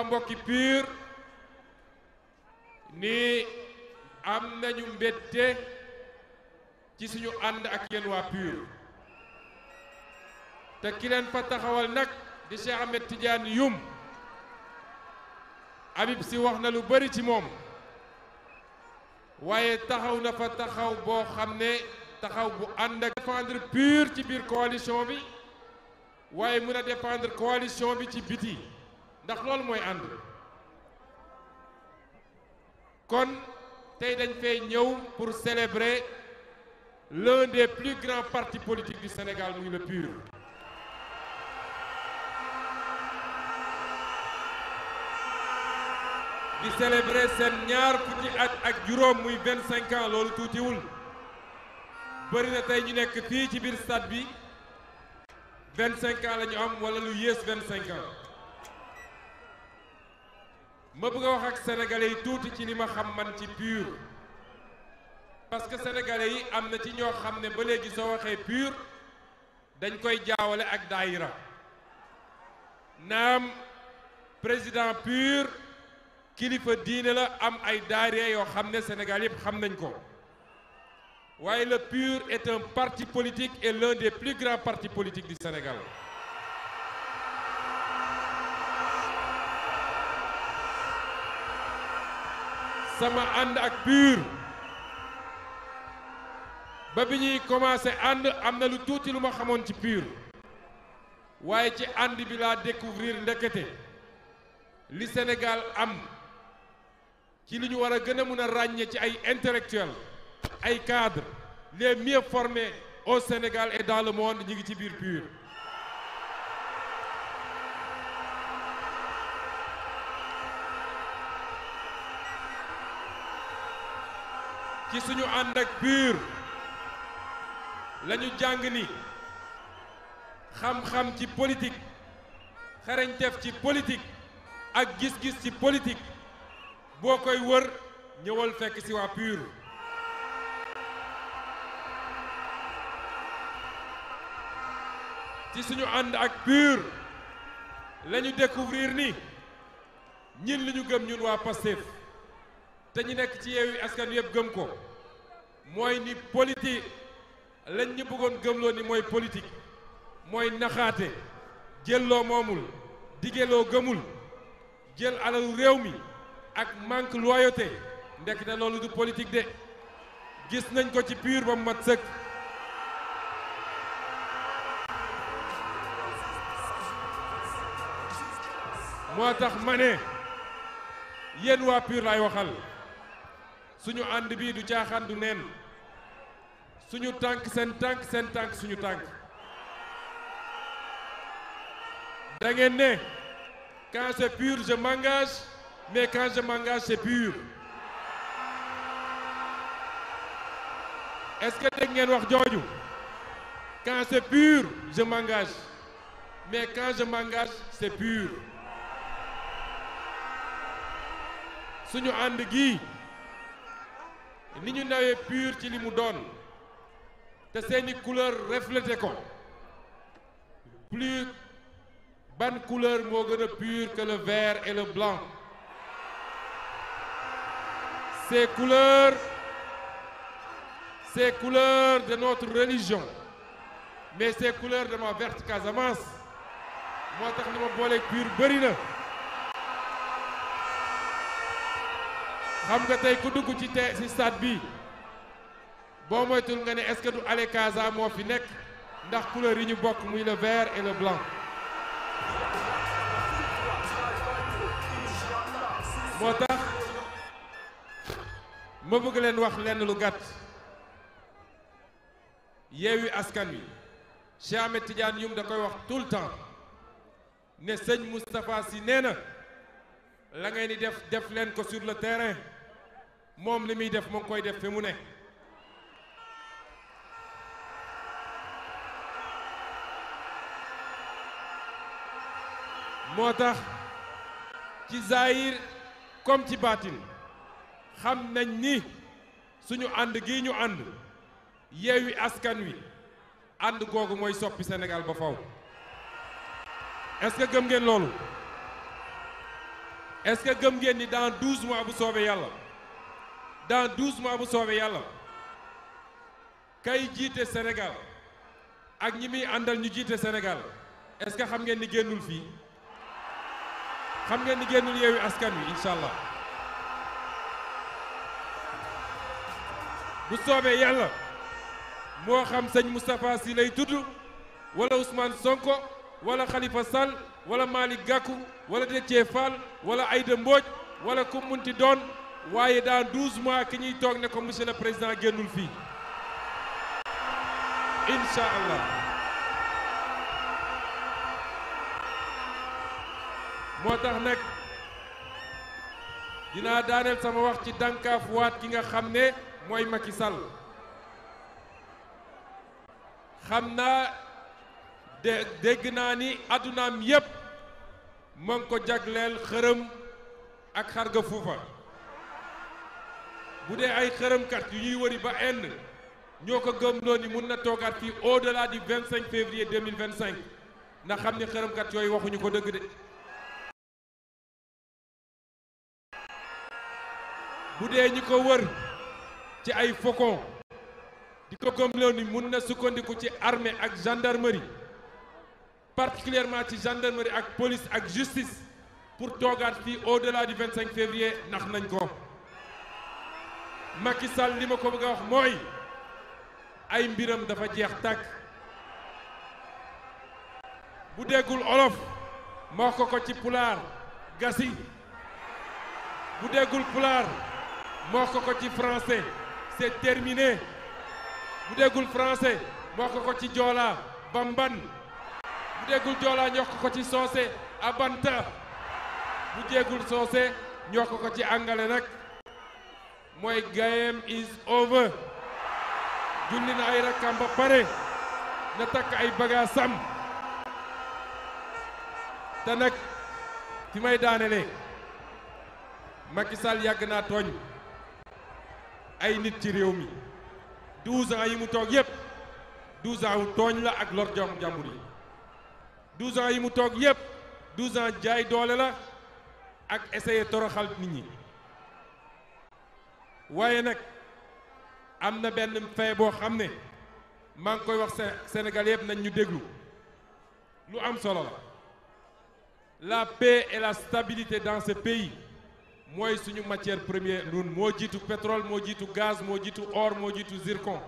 waa mbokki PUR ni am nañu mbette ci suñu ànd ak yéen waa PUR te ki leen fa taxawal nag di Cheikh Ahmed Tidiane Youm Habib Sy wax na lu bari ci moom waaye taxaw na fa taxaw boo xam ne taxaw bu ànd ak défendre PUR ci biir coalition bi waaye mën a défendre coalition bi ci biti ndax loolu mooy ànd kon tey dañ fay ñëw pour célébrer l'un des plus grands parti politiques du Sénégal muy le PUR di célébrer seen ñaar fukki at ak juróom muy vingt cinq ans loolu tuutiwul bëri na tey ñu nekk fii ci biir stade bi vingt cinq ans la ñu am wala lu yées vingt cinq ans ma bëgg a wax ak sénégalais yi tuuti ci li ma xam man ci PUR parce que sénégalais yi am na ci ñoo xam ne ba léegi soo waxee PUR dañ koy jaawale ak daayira naam président PUR kilifa diine la am ay daayira yoo xam ne Sénégal yëpp xam nañ ko waaye le PUR et un parti politique et l'un des plus grands partis politiques du Sénégal sama ànd ak PUR ba bi ñuy commencé ànd am na lu tuuti lu ma xamoon ci PUR waaye ci ànd bi laa découvrir ndekete li Sénégal am ci li ñu war a gën a mën a ràññee ci ay intellectuels ay cadre les mieux formés au Sénégal et dans le monde ñi ngi ci biir PUR ci suñu ànd ak buur lañu jàng ni xam-xam ci politik xarañteef ci politique ak gis-gis ci politique boo koy wër ñëwal fekk ci waa PUR ci suñu ànd ak PUR lañu découvrir ni ñin li gëm ñun waa Pastef te ñu nekk ci Yewwi Askan yëpp gëm ko mooy ni politique lañ bëggoon gëmloo ni mooy politique mooy naxaate jëlloo moomul digeloo gëmul jël alalu réew mi ak manque loyauté ndekk na loolu du politique de gis nañ ko ci pur ba mu mat sëkk moo tax ma ne yéen waa pur laay waxal suñu ànd bii du caaxaan du neen suñu tànk seen tànk seen tànk suñu tànk da ngeen ne quand c'est pur je m'engage mais quand je m'engage c'est pur est-ce que dégg ngeen wax jooju quand c'est pur mais quand je m'engage c'est suñu ànd gi ni ñu nawee pur ci li mu doon te seeni couleur reflété ko plus ban couleur moo gën a pur que le vert et le blanc ces couleurs ces couleurs de notre religion mais ces couleurs de ma verte Casamance moo tax ni ma booleeg pur bëri na xam nga tey ku dugg ci te ci stade bi boo moytul nga ne est-ce que du Allez Casa moo fi nekk ndax couleur yi ñu bokk muy le vert et le blanc moo tax ma bëgg leen wax lenn lu gàtt Yewwi Askan Wi Cheikh Ahmed Tidiane Youm da koy wax tout le temps ne sëñ Moustapha Sy nee na la ngay ni def def leen ko sur le terrain moom li muy def mu ngi koy def fi mu ne moo tax ci zahir comme ci baatin xam nañ ni suñu ànd gi ñu ànd Yewwi Askan Wi ànd googu mooy soppi Sénégal ba faw est-ce que gëm ngeen loolu est-ce que gëm geen ni dans douze mois bu soobee yàlla dans douze mois bu soobee yàlla kay jiite Sénégal ak ñi muy àndal ñu jiite senegal est-ce que xam ngeen di génnul fii xam ngeen di génnul yeewi askan wi incha allah bu soobee yàlla moo xam sëñ Moustapha Sy lay tudd wala Ousmane Sonko wala Khalifa Sall wala Malick Gakou wala Déthié Fall wala Aïda Mbodj wala ku doon waaye dans douze mois ki ñuy toog ne ko monsieur le président génnul fii incha allah moo tax nag dinaa daaneel sama wax ci dànkaaf waat ki nga xam ne mooy Macky Sall xam naa dé dégg naa ni addunaam yépp moo ko jagleel xërëm ak xarga fuufa bu dee ay xërëmkat yu ñuy wëri ba enn ñoo ko gëmloo ni mun na toogaat fii au delà du 25 février 2025 ndax xam ne xërëmkat yooyu waxuñu ko dëgg de. bu dee ñi ko wër ci ay faucon di ko gëmloo ni mun na sukkandiku ci armée ak gendarmerie particulièrement ci gendarmerie ak police ak justice pour toogaat fii au delà du 25 février ndax nañ ko. Macky Sall li ma ko bëgg wax mooy ay mbiram dafa jeex tàkk bu déggul olof ma ko ci pulaar gasi bu déggul pulaar ma ko ci français c'est terminé bu déggul français ma wax ko ko ci joolaa bamban bu déggul joolaa ñox ko ci soose abanta bu jéggul soose ñox ko ko ci angale nag mooy game is over julli na ay rakkam ba pare na takk ay bagaasam te nag fi may daanele Macky sal yàgg naa tooñ ay nit ci réew mi 12 ans yi mu toog yépp 12 ans tooñ la ak lor jom jàmbur yi 12 ans yi mu toog yépp 12 ans jaay doole la ak essayer toroxal nit ñi waaye nag am na benn fee boo xam ne maa ngi koy wax Sénégal yëpp nañ ñu déglu lu am solo la la paix et la stabilité dans ce pays mooy suñu matière première nun moo jiitu pétrole moo jiitu gaz moo jiitu or moo jiitu zircon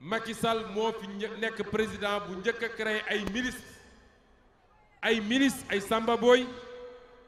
Macky Sall moo fi nekk président bu njëkk a créé ay milices ay milices ay Samba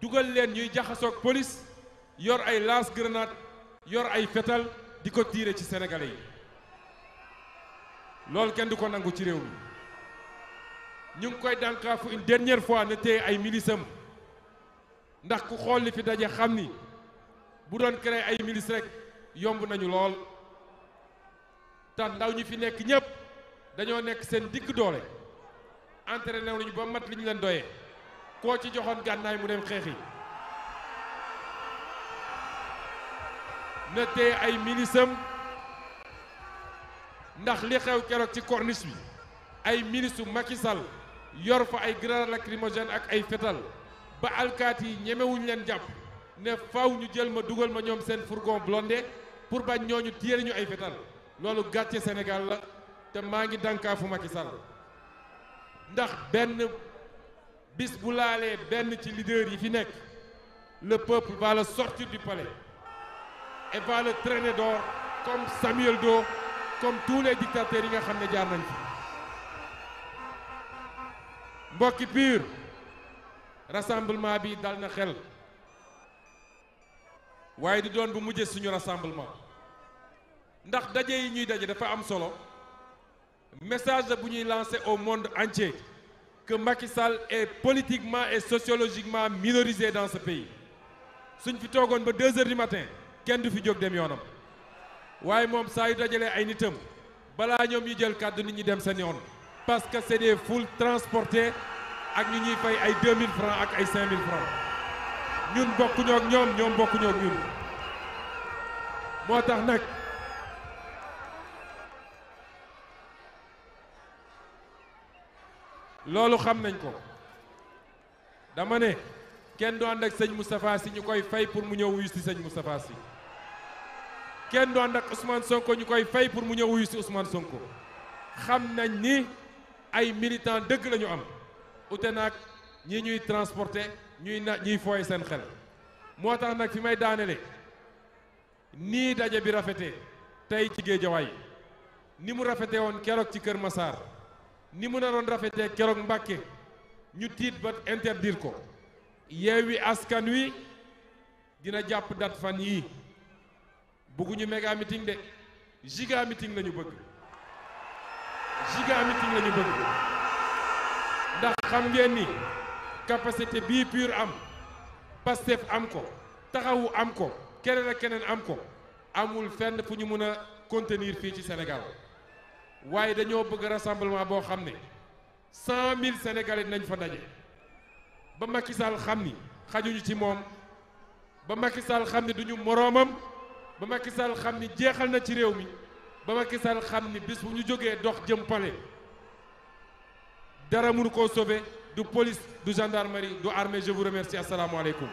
dugal leen ñuy jaxasoog police yor ay lance-grenade yor ay fetal di ko tiire ci sénégalais yi loolu kenn du ko nangu ci réew mi ñu ngi koy dànkaafu une dernière fois ne téye ay milisam ndax ku xool li fi daje xam ni bu doon créer ay milice rek yomb nañu lool tax ndaw ñi fi nekk ñépp dañoo nekk seen dikk doole entraîné nañu ba mat li ñu leen doyee koo ci joxoon gànnaay mu dem xeexi na tee ay milisam ndax li xew keroog ci corniche bi ay milisu Macky Sall yor fa ay grenades lacrymogènes ak ay fetal ba alkaati yi ñemewuñ leen jàpp ne faw ñu jël ma dugal ma ñoom seen fourgon blindé pour bañ ñooñu téere ñu ay fetal loolu gàcce Sénégal la te maa ngi dànkaafu Macky Sall ndax benn bis bu laalee benn ci leader yi fi nekk le peuple va le sortir du palais et va le traîner d'or comme Samuel Doe comme tous les dictateurs yi nga xam ne jaar nañ fi mbokki PUR rassemblement bi dal na xel waaye di doon bu mujje suñu rassemblement ndax daje yi ñuy daje dafa am solo message la bu ñuy lancé au monde entier que Macky Sall est politiquement et sociologiquement minorisé dans ce pays suñ fi toogoon ba deux heures du matin kenn du fi jóg dem yoonam waaye moom saa yu dajalee ay nitam balaa ñoom ñu jël kàddu nit ñi dem seen yoon parce que c'est des foules ak ñu ñuy fay ay 2000 francs ak ay 5000 francs ñun bokkuñoo ak ñoom ñoom bokkuñoo ñun moo tax nag loolu xam nañ ko dama ne kenn du ànd ak sëñ Moustapha si ñu koy fay pour mu ñëw wuyu si sëñ Moustapha Sy kenn du ànd ak Ousmane Sonko ñu koy fay pour mu ñëw wuyu si Ousmane Sonko xam nañ ni ay militant dëgg lañu am ute naag ñi ñuy transporter ñuy na ñuy fooy seen xel moo tax nag fi may daanele nii daje bi rafetee tey ci géejawaay ni mu rafetee woon keroog ci Kër Massar ni mu naroon rafetee keroog Mbàkke ñu tiit ba interdire ko wi askan wi dina jàpp date fan yii bëgguñu méga meeting de giga meeting la ñu bëgg giga meeting la bëgg ndax xam ngeen ni capacité bii pur am Pastef am ko taxawu am ko keneen ak keneen am ko amul fenn fu ñu mën a contenir fii ci Sénégal waaye dañoo bëgg rassemblement boo xam ne cent mille sénégalais nañ fa daje. ba Macky Sall xam ni xajuñu ci moom ba Macky Sall xam ni duñu moroomam ba Macky Sall xam ni jeexal na ci réew mi ba Macky Sall xam ni bis bu ñu jógee dox jëm pale dara mënu koo sauver du police du gendarmerie du armée je vous remercie asalaamaaleykum